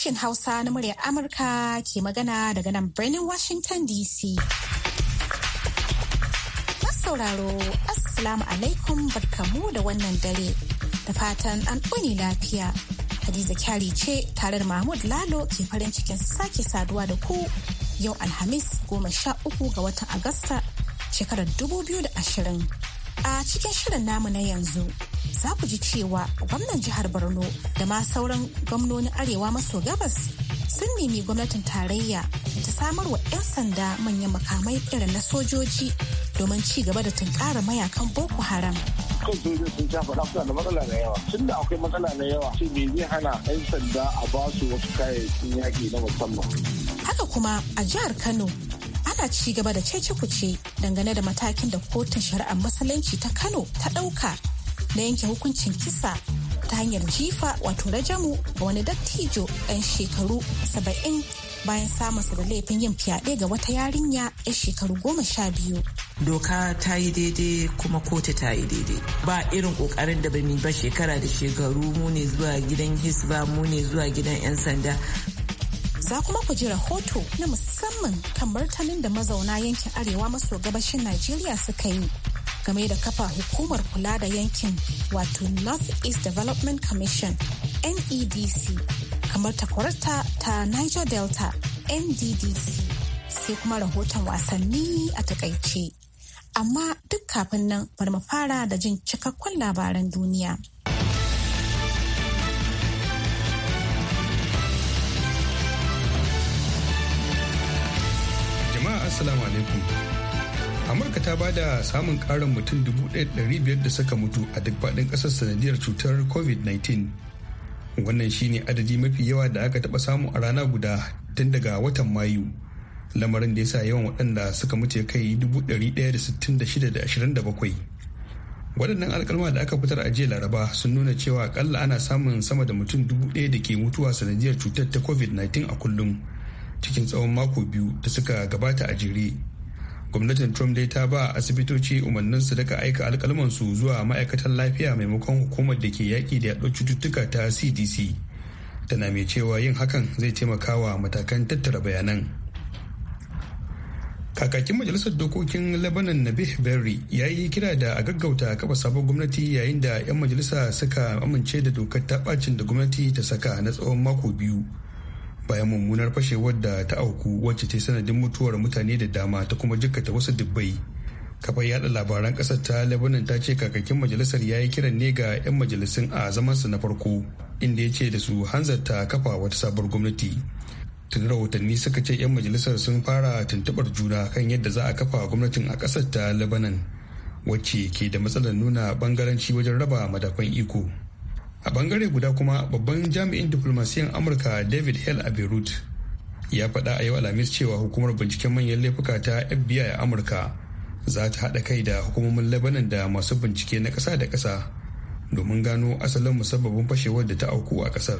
sashen Hausa na muryar Amurka ke magana daga nan birnin Washington DC. Masauraro, Assalamu alaikum barkamu da wannan dare da fatan an ƙuni lafiya. Hadiza kyari ce tare da Mahmud Lalo ke farin cikin sake saduwa da ku yau Alhamis goma sha uku ga watan Agusta shekarar dubu biyu da ashirin. A cikin shirin namu na yanzu za ku ji cewa gwamnan jihar Borno da ma sauran gwamnonin Arewa maso gabas sun nemi gwamnatin tarayya ta samar wa 'yan sanda manyan makamai irin na sojoji domin ci gaba da tunkara mayakan boko haram kan sojoji sun sha faɗa suna da matsala na yawa tun akwai matsala na yawa ce me zai hana 'yan sanda a ba wasu kayayyakin yaƙi na musamman haka kuma a jihar kano ana cigaba da cece kuce dangane da matakin da kotun shari'ar musulunci ta kano ta ɗauka na yanke hukuncin kisa ta hanyar jifa wato rajamu ga wani dattijo ɗan shekaru saba'in bayan samunsa da laifin yin fyaɗe ga wata yarinya yan shekaru goma sha biyu. Doka ta yi daidai kuma kotu ta yi daidai. Ba irin ƙoƙarin da ba ba shekara da shekaru mu ne zuwa gidan hisba mu ne zuwa gidan 'yan sanda. Za kuma ku ji rahoto na musamman kan martanin da mazauna yankin arewa maso gabashin Najeriya suka yi game da kafa hukumar kula da yankin wato north east development commission nedc kamar takwarta ta niger delta nddc sai kuma rahoton wasanni a takaice amma duk kafin nan bari mu fara da jin cikakkun labaran duniya jama'a assalamu alaikum amurka ta bada samun karin mutum 1,500 da suka mutu a duk faɗin ƙasar sanadiyar cutar covid-19 wannan shine adadi mafi yawa da aka taɓa samu a rana guda tun daga watan mayu lamarin da ya sa yawan waɗanda suka mutu ya kai 1,166,27 waɗannan alkalma da aka fitar a jiya laraba sun nuna cewa akalla ana samun sama da mutum dubu ɗaya da ke mutuwa sanadiyar cutar ta covid-19 a kullum cikin tsawon mako biyu da suka gabata a jere gwamnatin trump dai ta ba asibitoci umarnin su daga aika alkalmansu zuwa ma'aikatan lafiya maimakon hukumar da ke yaƙi da yaɗo cututtuka ta cdc tana mai cewa yin hakan zai taimaka wa matakan tattara bayanan kakakin majalisar dokokin lebanon na berry ya yi kira da a gaggauta kafa sabon gwamnati yayin da 'yan majalisa suka amince da dokar ta bacin da gwamnati ta saka na tsawon mako biyu bayan mummunar fashewar da ta auku wacce ta sanadin mutuwar mutane da dama ta kuma jikkata wasu dubbai kafar yada labaran kasar ta lebanon ta ce kakakin majalisar ya yi kiran ne ga 'yan majalisun a su na farko inda ya ce da su hanzarta kafa wata sabuwar gwamnati tun rahotanni suka ce 'yan majalisar sun fara tuntubar juna kan yadda za a kafa gwamnatin a kasar ta lebanon wacce ke da matsalar nuna bangaranci wajen raba madafan iko a bangare guda kuma babban jami'in diflomasiyan amurka david hill a beirut ya faɗa a yau alhamis cewa hukumar binciken manyan laifuka ta fbi a amurka za ta haɗa kai da hukumomin labanan da masu bincike na ƙasa da ƙasa domin gano asalin musabbabin fashewar da ta auku a ƙasar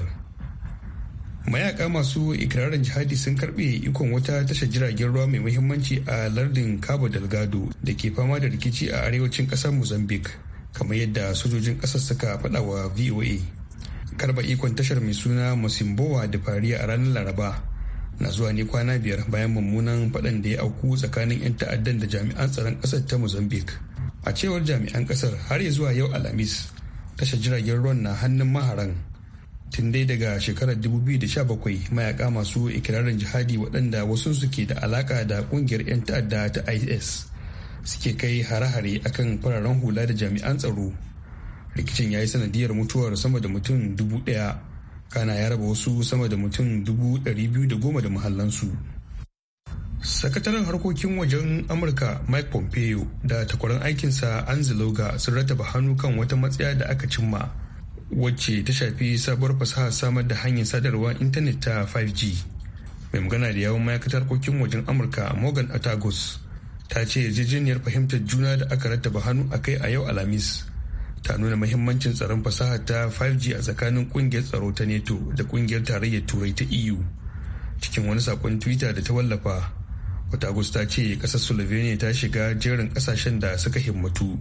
mayaka masu ikirarin jihadi sun karɓe ikon wata tashar jiragen ruwa mai muhimmanci a lardin cabo delgado da ke fama da rikici a arewacin ƙasar mozambique kamar yadda sojojin ƙasar suka faɗa wa voa karba ikon tashar mai suna musimbowa da fariya a ranar laraba na zuwa ne kwana biyar bayan mummunan faɗan da ya auku tsakanin 'yan ta'addan da jami'an tsaron ƙasar ta mozambique a cewar jami'an ƙasar har ya zuwa yau alhamis tashar jiragen ruwan na hannun maharan tun dai daga shekarar 2017 mayaka masu ikirarin jihadi waɗanda wasu suke da alaƙa da ƙungiyar 'yan ta'adda ta is suke kai hare-hare akan fararen hula da jami'an tsaro rikicin ya yi sanadiyar mutuwar sama da mutum dubu daya kana ya raba wasu sama da mutum dubu dari biyu da goma da muhallansu sakataren harkokin wajen amurka mike pompeo da takwaran aikinsa anziloga sun rataba hannu kan wata matsaya da aka cimma wacce ta shafi sabuwar fasaha samar da hanyar sadarwar intanet ta 5g mai magana da yawon ma'aikatar harkokin wajen amurka morgan atagos ta ce yarjejeniyar fahimtar juna da aka rattaba hannu a kai a yau alhamis ta nuna mahimmancin tsaron fasaha ta 5g a tsakanin kungiyar tsaro ta neto da kungiyar tarayyar turai ta eu cikin wani sakon twitter da ta wallafa wata ta ce kasar slovenia ta shiga jerin kasashen da suka himmatu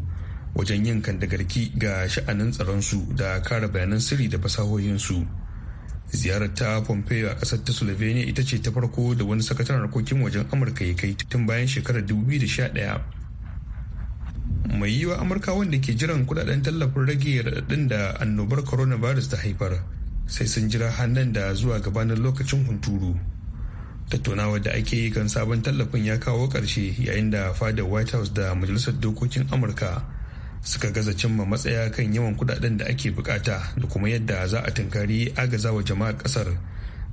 wajen yin kandagarki ga sha'anin tsaronsu da kare bayanan sirri da fasahohinsu ziyarar ta pompeo a kasar ta slovenia ita ce ta farko da wani sakataren harkokin wajen amurka ya kai tun bayan shekarar 2011 mai yiwa amurka wanda ke jiran kudaden tallafin rage raɗaɗin da annobar coronavirus ta haifar sai sun jira hannun da zuwa gabanin lokacin hunturu tattaunawa da ake yi kan sabon tallafin ya kawo ƙarshe yayin da fadar white house da majalisar dokokin amurka suka gaza cimma matsaya kan yawan kudaden da ake bukata da kuma yadda za a tunkari wa jama'ar kasar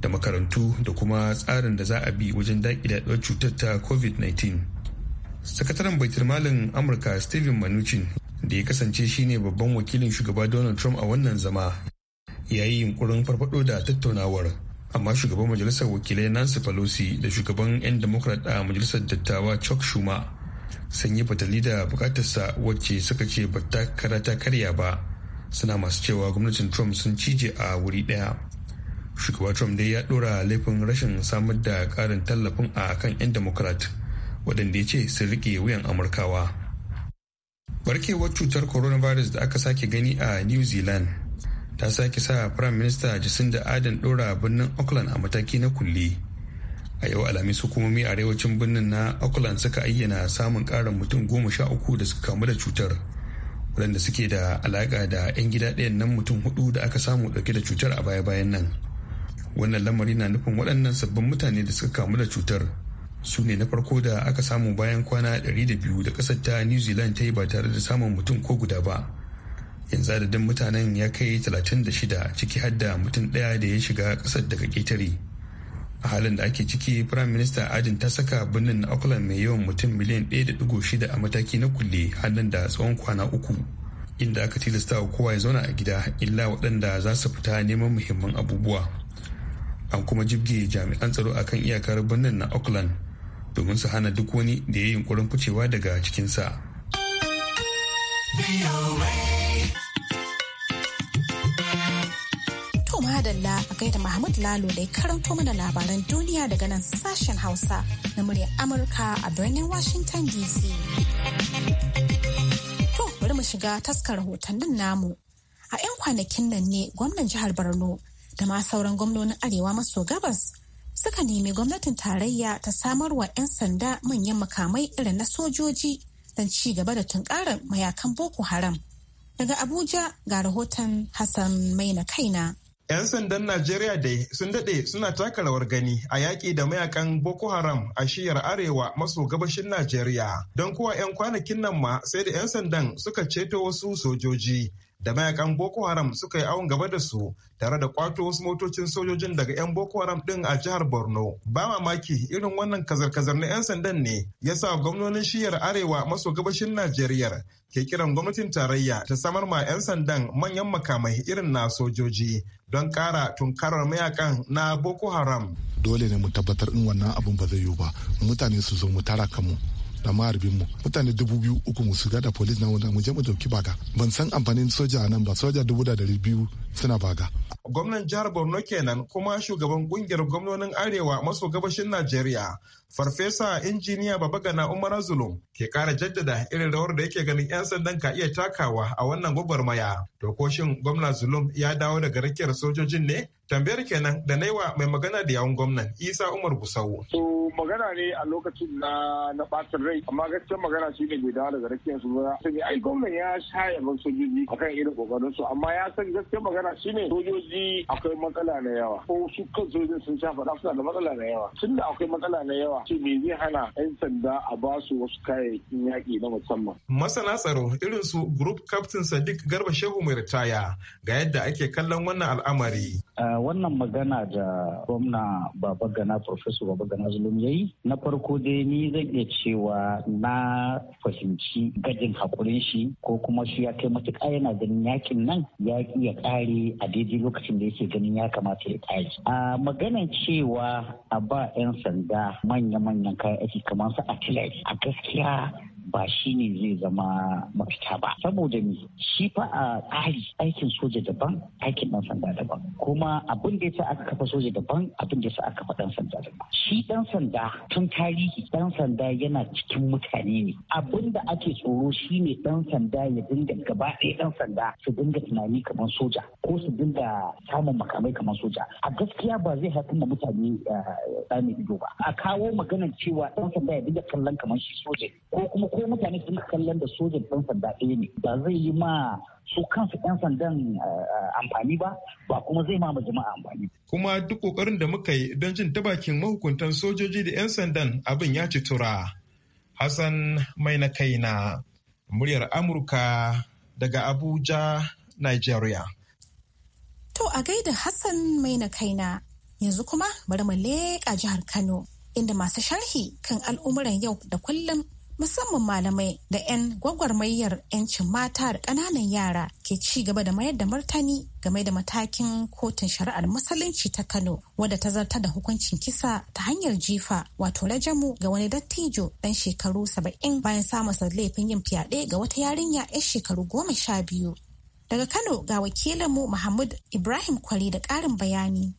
da makarantu da kuma tsarin da za a bi wajen daƙi cutar ta covid-19 sakataren baitar malin amurka steven mnuchin da ya kasance shine babban wakilin shugaba donald trump a wannan zama ya yi yunkurin farfado da tattaunawar amma shugaban majalisar wakilai nancy pelosi da shugaban 'yan democrat a majalisar dattawa chuck schumer sanyi yi fatali da bukatarsa wacce suka ce ba ta karata karya ba suna masu cewa gwamnatin trump sun cije a wuri daya shugaba trump dai ya dora laifin rashin samar da karin tallafin a kan 'yan democrat waɗanda ya ce sun rike wuyan amurkawa barkewar cutar coronavirus da aka sake gani a new zealand ta sake sa prime minister jacinda adan dora birnin auckland a mataki na kulle a yau alhamis hukumomi a arewacin birnin na auckland suka ayyana samun karin mutum goma sha uku da suka kamu da cutar waɗanda suke da alaƙa da 'yan gida ɗayan nan mutum hudu da aka samu ɗauke da cutar a baya-bayan nan wannan lamari na nufin waɗannan sabbin mutane da suka kamu da cutar su ne na farko da aka samu bayan kwana 200 da ƙasar ta new zealand ta yi ba tare da samun mutum ko guda ba yanzu adadin mutanen ya kai 36 ciki har da mutum ɗaya da ya shiga ƙasar daga ƙetare a halin da ake ciki prime minister adin ta saka birnin auckland mai yawan mutum miliyan 1.6 a mataki na kulle halin da tsawon kwana uku inda aka tilasta wa kowa ya zauna a gida illa waɗanda za su fita neman muhimman abubuwa an kuma jibge jami'an tsaro akan iyakar birnin na auckland domin su hana duk wani da ya yi yunkurin ficewa daga cikinsa. madalla a gaida Mahmud Lalo da ya karanto mana labaran duniya daga nan sashen Hausa na muryar Amurka a birnin Washington DC. To bari mu shiga taskar rahotannin namu. A 'yan kwanakin nan ne gwamnan jihar Borno da ma sauran gwamnonin Arewa maso gabas suka nemi gwamnatin tarayya ta samar wa 'yan sanda manyan makamai irin na sojoji don ci gaba da tunkarar mayakan Boko Haram. Daga Abuja ga rahoton Hassan Maina Kaina. 'Yan sandan Najeriya dai sun daɗe suna taka rawar gani a yaƙi da mayakan Boko Haram a shiyar arewa maso gabashin Najeriya. Don kuwa 'yan kwanakin nan ma sai da 'yan sandan suka ceto wasu sojoji da mayakan Boko Haram suka yi awon gaba da su tare da kwato wasu motocin sojojin daga 'yan Boko Haram ɗin a jihar Borno. Ba mamaki irin wannan kazar-kazar na 'yan sandan ne ya sa gwamnonin shiyar arewa maso gabashin Najeriya ke kiran gwamnatin tarayya ta samar ma 'yan sandan manyan makamai irin na sojoji don kara tunkarar mayakan na Boko Haram. Dole ne mu tabbatar in wannan abin ba zai yiwu ba mutane su zo mu tara kanmu da mu mutane dubu biyu uku mu shiga da polis na wanda mu je mu dauki baga ban san amfanin soja a nan ba soja dubu da dari biyu suna baga. gwamnan jihar borno kenan kuma shugaban kungiyar gwamnonin arewa maso gabashin najeriya farfesa injiniya babagana umar zulum ke kara jaddada irin rawar da yake ganin 'yan sandan ka iya takawa a wannan gwagwarmaya to ko shin gwamna zulum ya dawo daga rakiyar sojojin ne tambayar kenan da na wa mai magana da yawun gwamnan isa umar gusau so magana ne a lokacin na na batin rai amma gaskiyar magana shi ne bai dawo daga rakiyar su ba sai ai gwamnan ya sha ban sojoji akan irin kokarin su amma ya san gaskiyar magana shi ne sojoji akwai matsala na yawa ko su kan sojojin sun sha faɗa suna da matsala na yawa tun da akwai matsala na yawa shi me zai hana yan sanda a ba su wasu kayayyakin yaƙi na musamman. masana tsaro irin su group captain sadiq garba shehu mai ritaya ga yadda ake kallon wannan al'amari. Ah, wannan magana da gwamna baba gana babagana baba gana zulum na farko dai ni zan iya cewa na fahimci gajin hakurin shi ko kuma shi ya kai matuƙa yana ganin yakin nan ya ya ƙare a daidai lokacin da yake ganin ya kamata ya ƙare a maganan cewa a ba 'yan sanda manya-manyan kayan aiki kamar su artillery a gaskiya ba shi ne zai zama mafita ba saboda ni shi fa a tsari aikin soja daban aikin dan sanda daban kuma abin da yasa aka kafa soja daban abin da yasa aka kafa dan sanda daban shi ɗan sanda tun tarihi Ɗan sanda yana cikin mutane ne abin da ake tsoro shine ɗan sanda ya dinga gaba ɗaya ɗan sanda su dinga tunani kamar soja ko su dinga samun makamai kamar soja a gaskiya ba zai haifar da mutane eh, ɗani ido ba a kawo maganar cewa dan sanda ya dinga kallon kamar shi soja ko kuma ko sai mutane su kallon da sojan ɗan sanda ɗaya ne ba zai yi ma su kansu ɗan sandan eh, amfani ba ba kuma zai ma jama'a amfani. Kuma duk ƙoƙarin da muka yi don jin ta bakin mahukuntan sojoji da 'yan sandan abin ya ci tura. Hassan mai na kaina muryar Amurka daga Abuja, Nigeria. To a gaida Hassan mai na kaina yanzu kuma bari mu leƙa jihar Kano inda masu sharhi kan al'umuran yau da kullum musamman malamai da 'yan gwagwarmayar 'yancin mata da ƙananan yara ke ci gaba da mayar da martani game da matakin kotun shari'ar musulunci ta kano wadda ta zartar da hukuncin kisa ta hanyar jifa wato rajamu ga wani dattijo dan shekaru saba'in bayan samun laifin yin fyaɗe ga wata yarinya 'yan shekaru goma sha biyu daga kano ga wakilinmu muhammad ibrahim kwari da ƙarin bayani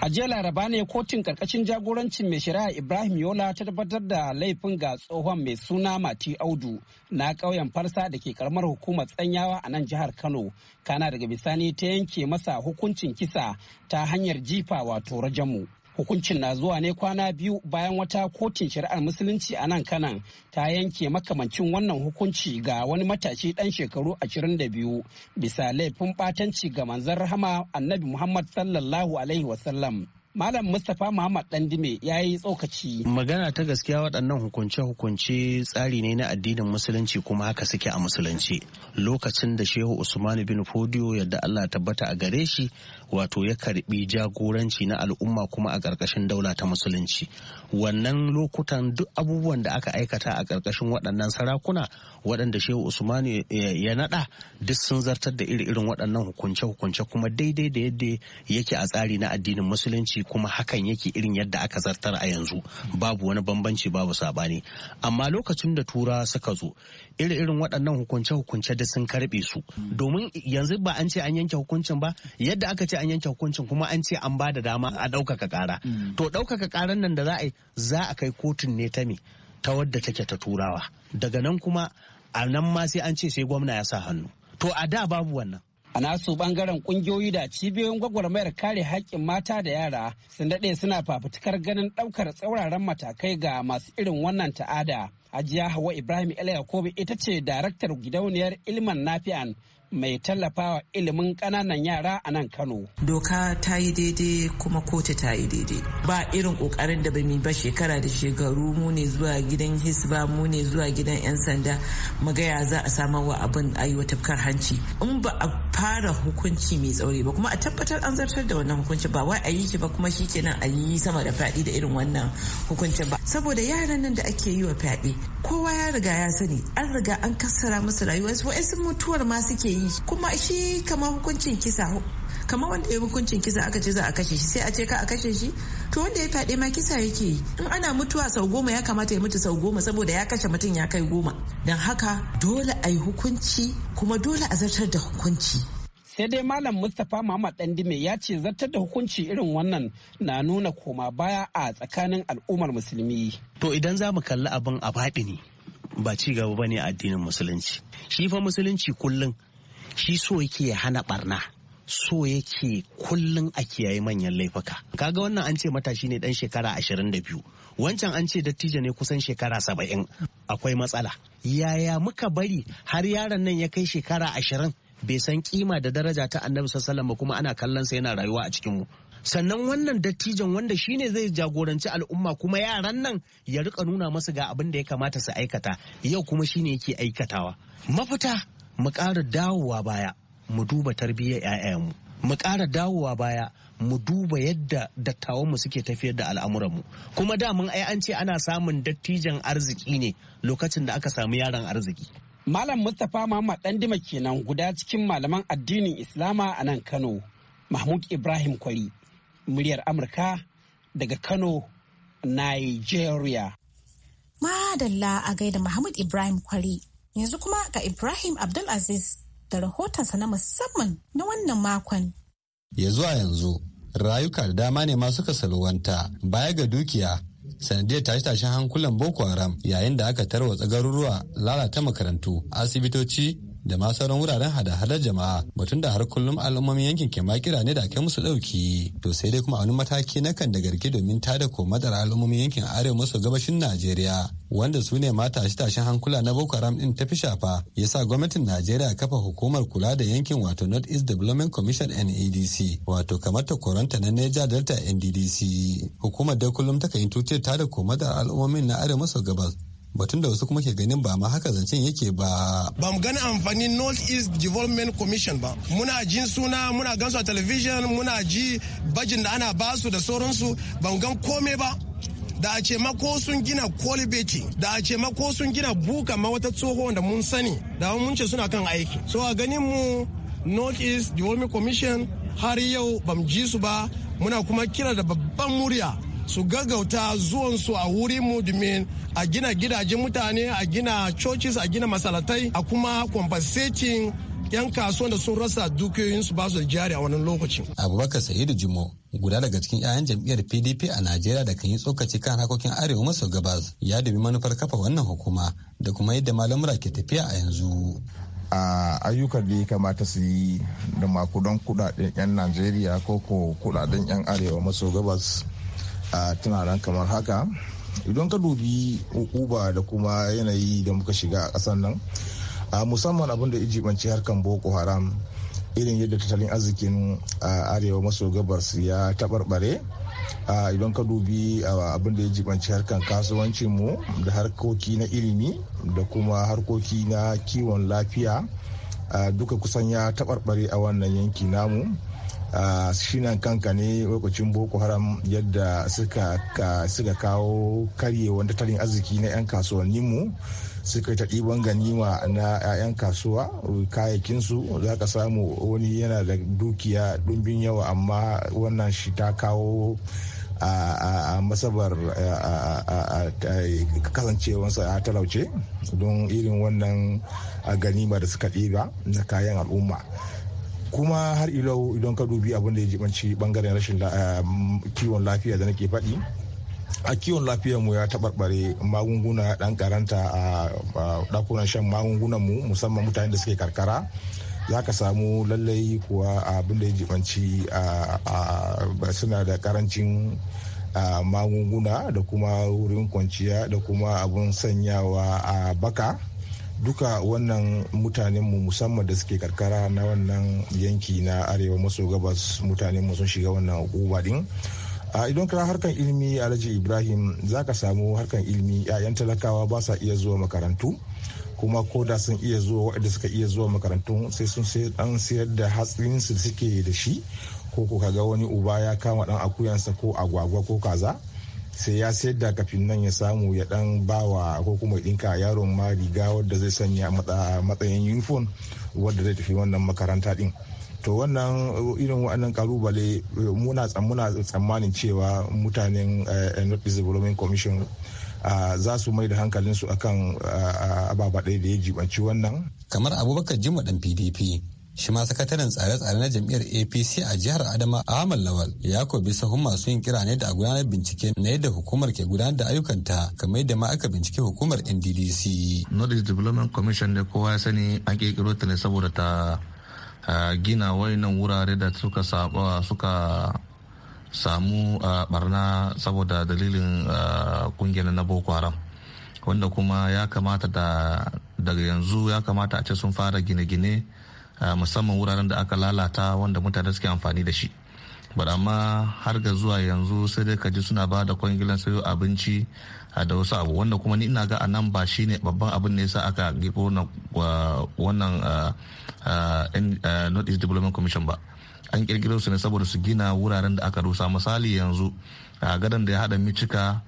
A jiya laraba ne kotun karkashin jagorancin mai shari'a Ibrahim Yola ta tabbatar da laifin ga tsohon mai suna Mati Audu na ƙauyen Farsa da ke karamar hukumar Tsanyawa a nan jihar Kano. Kana daga bisani ta yanke masa hukuncin kisa ta hanyar jifa wato rajamu. Hukuncin na zuwa ne kwana biyu bayan wata kotun shari'ar musulunci a nan kanan ta yanke makamancin wannan hukunci ga wani matashi dan shekaru 22 bisa laifin batanci ga manzon rahama annabi Muhammad sallallahu alaihi wasallam. Malam Mustapha Muhammad Dandime ya yi tsokaci. Magana ta gaskiya waɗannan hukunce-hukunce tsari ne na addinin musulunci kuma haka suke a musulunci. Lokacin da Shehu Usman bin Fodiyo yadda Allah tabbata a gare shi wato ya karbi jagoranci na al'umma kuma a ƙarƙashin daula ta musulunci. Wannan lokutan duk abubuwan da aka aikata a ƙarƙashin waɗannan sarakuna waɗanda Shehu Usman ya naɗa duk sun zartar da iri-irin waɗannan hukunce-hukunce kuma daidai da yadda yake a tsari na addinin musulunci kuma hakan yake irin yadda aka zartar a yanzu babu wani bambanci babu sabani amma lokacin da tura suka zo iri irin waɗannan hukunce-hukunce da sun karɓe su domin yanzu ba an ce an yanke hukuncin ba yadda aka ce an yanke hukuncin kuma an ce an bada dama a ɗaukaka ƙara mm. to ɗaukaka ƙaran nan da za a yi za a kai kotun ne ta me ta wadda take ta turawa daga nan kuma a nan ma sai an ce sai gwamna ya sa hannu to a da babu wannan A nasu bangaren kungiyoyi da cibiyoyin gwagwarmayar kare haƙƙin mata da yara sun daɗe suna fafutukar ganin ɗaukar tsauraran matakai ga masu irin wannan ta'ada. Ajiya Hawa Ibrahim El yakobi ita ce daraktar gidauniyar Ilman Nafi'an mai tallafawa ilimin ƙananan yara a nan Kano. Doka ta yi daidai kuma kotu ta yi daidai. Ba irin ƙoƙarin da bai ba shekara da shekaru mu ne zuwa gidan hisba mu ne zuwa gidan 'yan sanda magaya za a samar wa abin aiwatar tafkar hanci. In ba a fara hukunci mai tsauri ba kuma a tabbatar an zartar da wannan hukunci ba wai a yi shi ba kuma shi kenan a yi sama da fyaɗe da irin wannan hukuncin ba. Saboda yaran nan da ake yi wa fyaɗe kowa ya riga ya sani an riga an kassara musu rayuwarsu wa'yansu mutuwar ma suke yi yi kuma shi kamar hukuncin kisa kamar wanda ya hukuncin kisa aka ce za a kashe shi sai a ce ka a kashe shi to wanda ya fyaɗe ma kisa yake yi in ana mutuwa sau goma ya kamata ya mutu sau goma saboda ya kashe mutum ya kai goma don haka dole a yi hukunci kuma dole a zartar da hukunci sai dai malam mustapha muhammad dandime ya ce zartar da hukunci irin wannan na nuna koma baya a tsakanin al'ummar musulmi to idan za mu kalli abin a ne ba ci gaba ba ne addinin musulunci shi fa musulunci kullum shi so yake ya hana barna so yake kullum a kiyaye manyan laifuka kaga wannan an ce matashi ne dan shekara 22 wancan an ce dattijo ne kusan shekara 70 akwai matsala yaya muka bari har yaron nan ya kai shekara 20 bai san kima da daraja ta annabi sallallahu ba kuma ana kallon sa yana rayuwa a cikin mu sannan wannan dattijon wanda shine zai jagoranci al'umma kuma yaran nan ya rika nuna masu ga abin da ya kamata su aikata yau kuma shine yake aikatawa mafita mu ƙara dawowa baya mu duba tarbiyyar 'ya'yanmu mu ƙara dawowa baya mu duba yadda dattawanmu suke tafiyar da al'amuranmu kuma da mun ai an ce ana samun dattijan arziki ne lokacin da aka samu yaron arziki malam mustapha muhammad dandima kenan guda cikin malaman addinin islama a nan kano mahmud ibrahim kwari muryar amurka daga kano nigeria madalla a gaida mahmud ibrahim kwari Yanzu kuma ga Ibrahim Abdulaziz da rahotonsa na musamman na wannan makon. Ya zuwa yanzu, rayuka da dama ne ma suka salwanta baya ga dukiya sanadiyar tashe-tashen hankulan Boko Haram yayin da aka tarwatsa garuruwa lalata makarantu, asibitoci da ma sauran wuraren hada-hadar jama'a batun da har kullum al'ummomin yankin ke makira ne da kai musu dauki to sai dai kuma a wani mataki na kan da garki domin ta tada komadar al'ummomin yankin arewa maso gabashin najeriya wanda su ne ma tashi-tashin hankula na boko haram din ta fi shafa ya sa gwamnatin najeriya kafa hukumar kula da yankin wato north east development commission nedc wato kamar ta koranta na neja delta nddc hukumar da kullum ta kan da tada komadar al'ummomin na arewa maso gabas batun da wasu kuma ke ganin ba ma haka zancen yake ba. Ba mu gani amfanin North East Development Commission ba. Muna jin suna muna gansu a television muna ji bajin da ana basu da sauransu ba mu gan kome ba. da a ce mako sun gina kolibeti da a ce mako sun gina buka ma wata tsoho da mun sani da mun ce suna kan aiki so a ganin mu north east development commission har yau bam ji su ba muna kuma kira da babban murya su gaggauta zuwansu a wurinmu domin a gina gidajen mutane a gina churches a gina masalatai a kuma compensating 'yan kasuwan da sun rasa dukiyoyinsu ba su da jari a wannan lokacin. abubakar sa'idu jimo guda daga cikin 'ya'yan jam'iyyar pdp a najeriya da kan yi tsokaci kan harkokin arewa maso gabas ya dubi manufar kafa wannan hukuma da kuma yadda malamura ke tafiya a yanzu a ayyukan da ya kamata su yi da makudan kudaden 'yan najeriya ko ko kudaden 'yan arewa maso gabas tana nan kamar haka idan ka dubi uba da kuma yanayi da muka shiga a ƙasar nan musamman abin da ijibanci harkan boko haram irin yadda tattalin arzikin arewa maso gabas ya taɓarɓare idan ka dubi abin da ya jibanci harkan kasuwancin mu da harkoki na ilimi da kuma harkoki na kiwon lafiya duka kusan ya taɓarɓare a wannan yanki namu a shinan kanka ne lokacin boko haram yadda suka suka kawo karyewar tattalin arziki na 'yan kasuwanninmu suka yi ta ɗiban ganima na 'ya'yan kasuwa kayakinsu za ka samu wani yana da dukiya ɗumbin yawa amma wannan shi ta kawo a masabar kasancewarsa a talauce don irin wannan ganima da suka ɗiba na kayan al'umma kuma har ilau idan ka dubi abin da ya jibanci bangaren rashin um, kiwon lafiya da nake faɗi a kiwon lafiyar mu ya taɓarɓare magunguna ɗan karanta a ɗakunan shan magungunan mu musamman mutanen da suke karkara za ka samu lallai kuwa abin da ya jibanci suna da karancin magunguna da kuma wurin kwanciya da kuma abin sanyawa a baka duka wannan mutanenmu musamman da suke karkara na wannan yanki na arewa maso gabas mutanenmu sun shiga wannan hukuma din a idan kana harkan ilimi alhaji ibrahim za ka samu harkan ilimi 'ya'yan talakawa ba sa iya zuwa makarantu kuma ko da sun iya zuwa waɗanda suka iya zuwa makarantun sai sun sai dan sayar da hatsin su suke da shi ko ko kaga wani uba ya kama dan akuyansa ko agwagwa ko kaza sai ya sayar da kafin nan ya samu ya dan bawa ko kuma dinka yaron ma riga wadda zai sanya matsayin uniform wadda zai tafi wannan makaranta din to wannan uh, irin wannan kalubale uh, muna tsammanin cewa mutanen uh, north development commission za su mai da hankalinsu akan ababa ɗaya da ya jibanci wannan kamar abubakar jima dan pdp shi ma sakataren tsare-tsare na jam'iyyar apc a jihar adama ahmad lawal ya kobi sahun masu yin kira ne da a gudanar bincike na yadda hukumar ke gudanar da ayyukanta kamar yadda ma aka bincike hukumar nddc knowledge development commission ne kowa ya sani an kekiro ta ne saboda ta gina wayannan wurare da suka suka samu barna saboda dalilin kungiyar na boko haram wanda kuma ya kamata da daga yanzu ya kamata a ce sun fara gine-gine musamman wuraren da aka lalata wanda mutane suke amfani da shi ba amma har ga zuwa yanzu sai dai kaji suna ba da kwangilan sayo abinci da wasu abu wanda kuma ni ina ga a nan ba shi ne babban abin ne sa aka gifo wannan north east development commission ba an kirkiro su ne saboda su gina wuraren da aka rusa misali yanzu a gadon da ya hada micika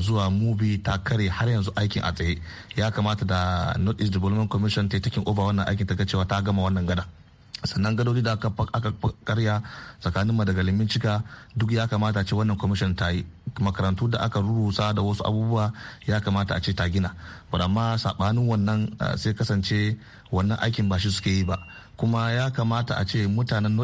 zuwa mubi ta kare har yanzu aikin a tsaye ya kamata da north east development commission ta taking over wannan aikin ta ga cewa ta gama wannan gada sannan gadoji da aka karya tsakanin madagalimin cika duk ya kamata ce wannan kwamishin ta yi makarantu da aka rurusa da wasu abubuwa ya kamata a ce ta gina amma sabanin wannan sai kasance wannan aikin ba shi suke yi ba kuma ya kamata a ce mutanen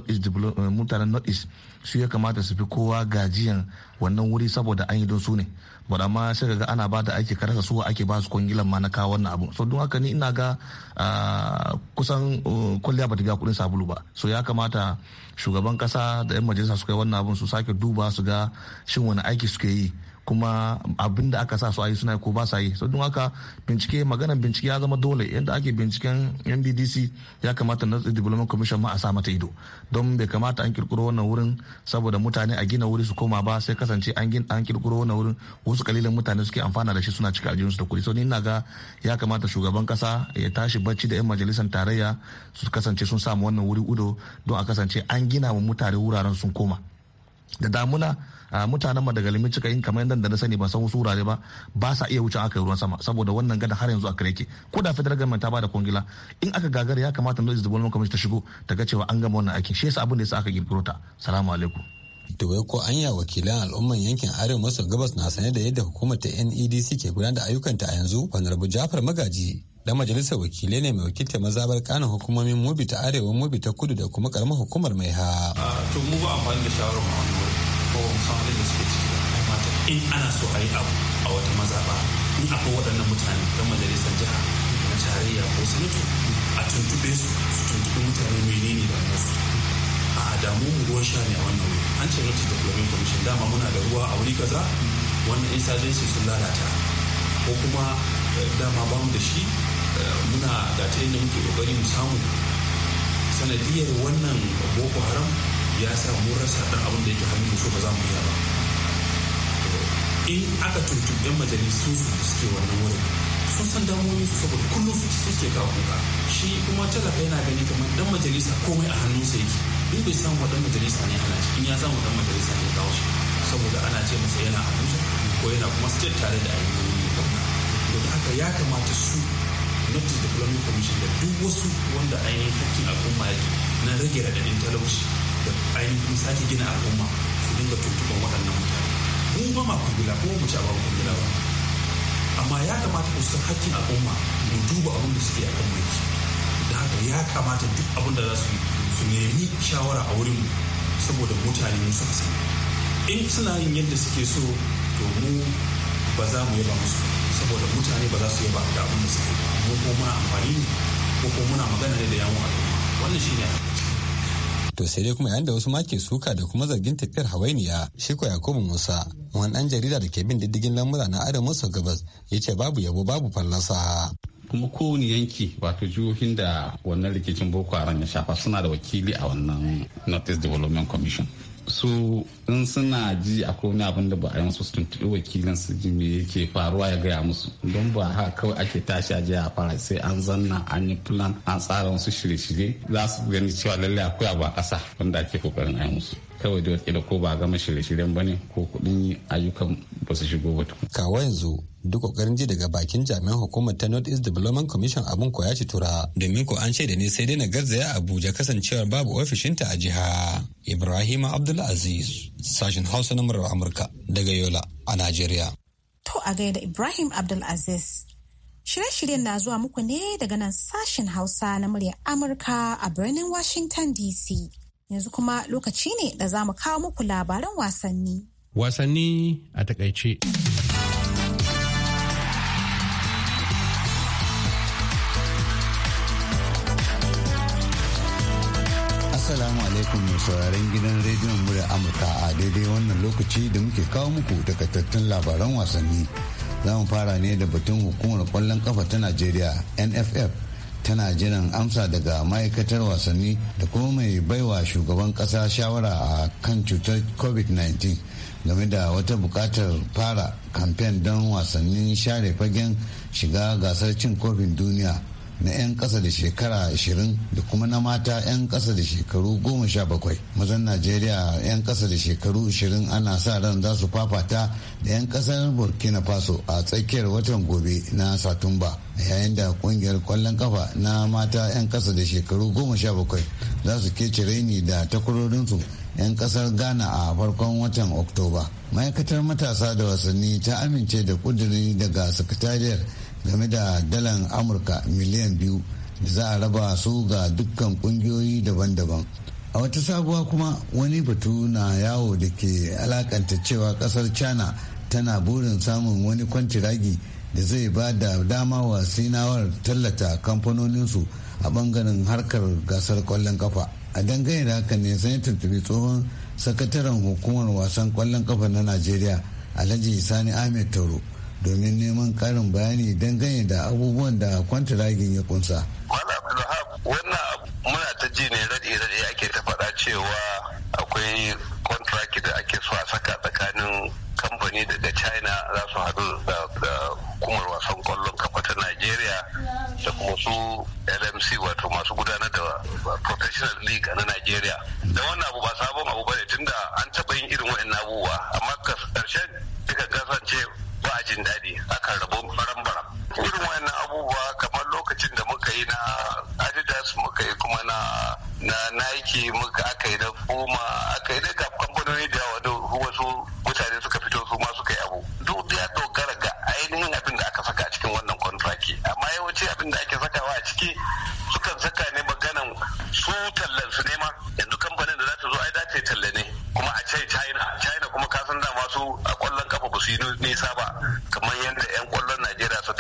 northeast eh, su ya kamata su fi kowa gajiyan wannan wuri saboda an yi don su ne bada ma sai ga ana ba da aiki karasa su ake ba su kwangilan ma na kawo wannan abu so don haka ni ina ga ah, kusan uh, kwalliya ba ta biya kudin sabulu ba so ya kamata shugaban kasa da yan majalisa suka kai wannan abun su sake duba su ga shin wani aiki suke yi kuma abin da aka sa su a yi suna ko ba sa yi so don haka bincike maganar bincike ya zama dole yadda ake binciken NBDC ya kamata na development commission ma a sa mata ido don bai kamata an kirkiro wannan wurin saboda mutane a gina wuri su koma ba sai kasance an kirkiro wannan wurin wasu kalilan mutane suke amfana da shi suna cika aljihunsu da kuɗi so ni ina ga ya kamata shugaban kasa ya tashi bacci da 'yan majalisar tarayya su kasance sun samu wannan wuri udo don a kasance an gina wa mutane wuraren sun koma da damuna mutanen ma daga limin cikayin kamar yadda na sani ba san wasu wurare ba ba sa iya wuce aka ruwan sama saboda wannan gada har yanzu a kare ke ko da federal government ta bada kwangila in aka gagara ya kamata mu da gwamnati kamar ta shigo ta ga cewa an gama wannan aikin shi yasa abin da yasa aka kirkiro ta salamu alaikum to wai ko anya wakilan al'umman yankin arewa maso gabas na sane da yadda hukumar ta NEDC ke gudanar da ayyukanta a yanzu honorable Jafar Magaji dan majalisar wakilai ne mai wakilta mazabar kanin hukumomin mubi ta arewa mubi ta kudu da kuma karamar hukumar mai ha. Ah, to mu ba amfani da shawarar ma wani wuri ko ba mu san halin da suke ciki ba mata in ana so a yi abu a wata mazaba in akwai waɗannan mutane dan majalisar jiha na tarayya ko sanato a tuntuɓe su su tuntuɓi mutane menene da nasu a damu mu ruwan sha ne a wannan wuri an ce notice development commission dama muna da ruwa a wuri kaza wannan insurgency sun lalata ko kuma eh, dama bamu da shi eh, muna da ta yadda muke kokari mu samu sanadiyar wannan boko haram ya sa mu rasa dan abin da yake hannun so ba za mu iya ba in aka tuntun yan majalisun su suke wannan wurin sun san damuwoyin su saboda kullum su suke kawo kuka shi kuma talaka yana gani kamar dan majalisa komai a hannunsa yake in bai samu dan majalisa ne ana shi in ya samu dan majalisa ne kawo shi saboda ana ce masa yana abuja ko yana kuma state tare da ainihin haka ya kamata su notice development commission da duk wasu wanda ainihin hakkin al'umma yake na rage radadin talauci da ainihin sake gina al'umma su dinga tuntuɓar waɗannan mutane mu ba ma kungila ko mu ci a ba kungila ba amma ya kamata ku san hakkin al'umma mu duba abin da suke a kan mai da haka ya kamata duk abin da za su su nemi shawara a wurin mu saboda mutane mu suka sani in suna yin yadda suke so to mu ba za mu yaba musu ba saboda mutane ba za su ba da abin da suke mu ko muna amfani ko ko muna magana ne da yawon al'umma wannan shine to sai dai kuma yayin da wasu ma ke suka da kuma zargin tafiyar hawainiya shi ko yakubu musa wani dan jarida da ke bin diddigin lamura na arewa maso gabas ya ce babu yabo babu fallasa kuma kowane yanki wato jihohin da wannan rikicin boko haram ya shafa suna da wakili a wannan northeast development commission su in suna ji akwai wani abin da ba a yi musu su tuntuɓi wakilin su ji me yake faruwa ya gaya musu don ba ha kawai ake tashi a aje a fara sai an zanna an yi plan an tsara wasu shirye-shirye za su gani cewa lallai akwai abu a ƙasa wanda ake kokarin a yi musu. kawai da wakila ko ba gama shirye-shiryen ba ne ko kuɗin ayyukan ba su shigo ba kawo yanzu duk ƙoƙarin ji daga bakin jami'an hukumar ta north east development commission a ko ya ci tura domin ko an shaida ne sai dai na garzaya abuja kasancewar babu ofishinta a jiha ibrahim abdulaziz sashen hausa na murar amurka daga yola a najeriya to a gaida ibrahim abdulaziz shirye-shiryen na zuwa muku ne daga nan sashen hausa na muryar amurka a birnin washington dc yanzu kuma lokaci ne da za mu kawo muku labaran wasanni. Wasanni a takaice. asalamu alaikum mai sauraron gidan rediyon murya Amurka a daidai wannan lokaci da muke kawo muku takaitattun labaran wasanni. Za mu fara ne da batun hukumar kwallon kafa ta Najeriya NFF tana jiran amsa daga ma'aikatar wasanni da kuma mai baiwa shugaban kasa shawara a kan cutar covid-19 game da wata bukatar fara kamfen don wasannin share fagen shiga gasar cin kofin duniya na 'yan ƙasa da shekara 20 da kuma na mata 'yan ƙasa da shekaru 17 mazan najeriya 'yan ƙasa da shekaru 20 ana sa ran za su fafata da 'yan ƙasar burkina faso a tsakiyar watan gobe na satumba yayin da kungiyar kwallon kafa na mata 'yan ƙasa da shekaru 17 za su ke raini da takwarorinsu 'yan ƙasar ghana a farkon watan oktoba ma'aikatar matasa da wasanni ta amince da kuduri daga sakatariyar game da dalan amurka miliyan biyu da za a raba su ga dukkan kungiyoyi daban-daban a wata sabuwa kuma wani batu na yawo da ke alakanta cewa kasar china tana burin samun wani kwantiragi da zai ba da dama wa sinawar tallata kamfanoninsu a bangaren harkar gasar kwallon kafa a dangane da haka ne sai tuntubi tsohon sakataren hukumar wasan kwallon kafa na najeriya alhaji sani ahmed tauro domin neman karin bayani dangane da abubuwan da kwantiragin ya kunsa. wannan muna ta ji ne raɗe-raɗe ake ta faɗa cewa akwai kwantiraki da ake so a saka tsakanin kamfani daga china za su haɗu da hukumar wasan kwallon kafa ta nigeria da kuma su lmc wato masu gudanar da professional league na nigeria da wannan abu ba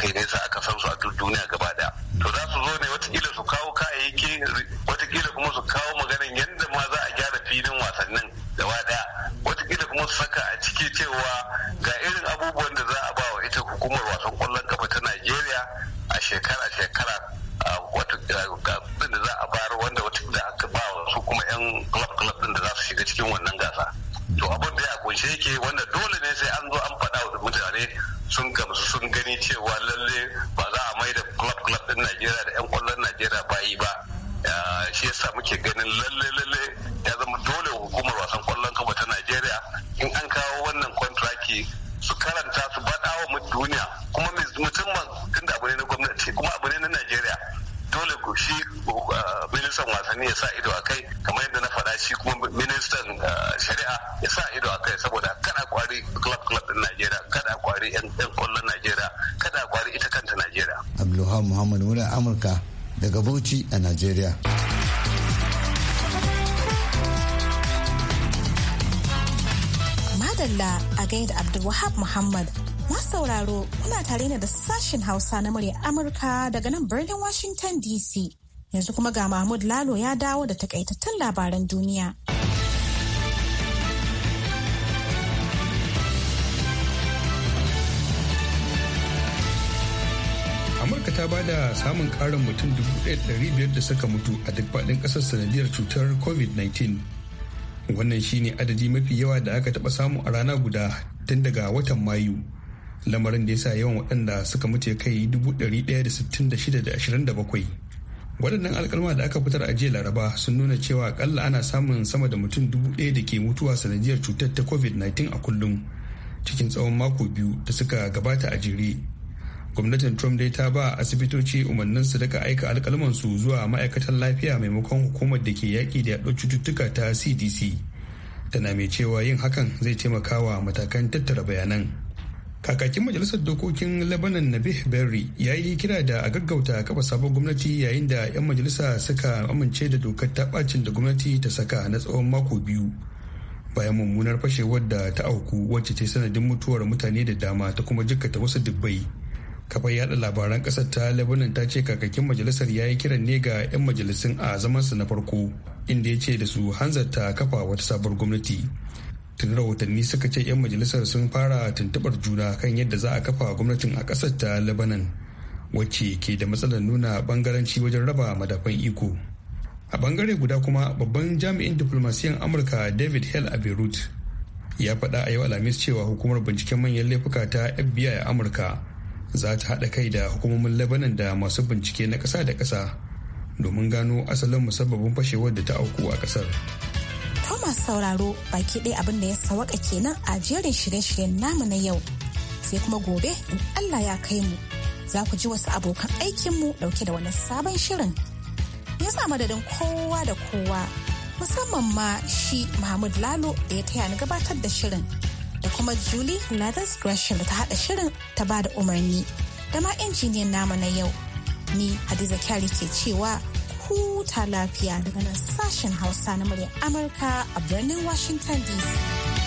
is. club club din Najeriya kada kwari yan kwallon Najeriya kada kwari ita kanta Najeriya Abdulhamid Muhammad muna Amurka daga Bauchi a Najeriya Madalla a gaida Abdulwahab Muhammad masu sauraro kuna tare ne da sashen Hausa na murya Amurka daga nan birnin Washington DC yanzu kuma ga Mahmud Lalo ya dawo da takaitattun labaran duniya. da samun karin mutum 1,500 da suka mutu a duk faɗin ƙasar sanadiyar cutar covid-19 wannan shine adadi mafi yawa da aka taɓa samu a rana guda tun daga watan mayu lamarin da ya sa yawan waɗanda suka mutu ya kai bakwai. waɗannan alkalma da aka fitar a jiya laraba sun nuna cewa akalla ana samun sama da mutum dubu ɗaya da ke mutuwa sanadiyar cutar ta covid-19 a kullum cikin tsawon mako biyu da suka gabata a jere gwamnatin trump dai ta ba asibitoci umarnin su daga aika alkalmansu zuwa ma'aikatan lafiya maimakon hukumar da ke yaƙi da yaɗo cututtuka ta cdc tana mai cewa yin hakan zai taimaka wa matakan tattara bayanan kakakin majalisar dokokin lebanon nabih berry ya yi kira da a gaggauta kafa sabon gwamnati yayin da 'yan majalisa suka amince da dokar ta bacin da gwamnati ta saka na tsawon mako biyu bayan mummunar fashewar da ta auku wacce ta sanadin mutuwar mutane da dama ta kuma jikkata wasu dubbai kafar yada labaran kasar ta lebanon ta ce kakakin majalisar ya yi kiran ne ga 'yan majalisun a zamansa na farko inda ya ce da su hanzarta kafa wata sabuwar gwamnati tun rahotanni suka ce 'yan majalisar sun fara tuntubar juna kan yadda za a kafa gwamnatin a kasar ta lebanon wacce ke da matsalar nuna bangaranci wajen raba madafan iko a bangare guda kuma babban jami'in diplomasiyan amurka david hell a beirut ya faɗa a yau alhamis cewa hukumar binciken manyan laifuka ta fbi a amurka za ta haɗa kai da hukumomin labanan da masu bincike na ƙasa da ƙasa domin gano asalin musabbabin fashewar da ta auku a ƙasar. Thomas sauraro baki ɗaya abin da ya sawaka kenan a jerin shirye-shiryen namu na yau sai kuma gobe in Allah ya kai mu za ku ji wasu abokan aikinmu ɗauke da wani sabon shirin. Ya sa madadin kowa da kowa musamman ma shi Mahmud Lalo da ya taya ni gabatar da shirin. da kuma Julie Lathers Gresham da ta haɗa shirin ta ba da umarni da ma injiniyan namu na yau. Ni Hadiza Kyari ke cewa huta lafiya daga nan sashen Hausa na muryar Amurka a birnin Washington DC.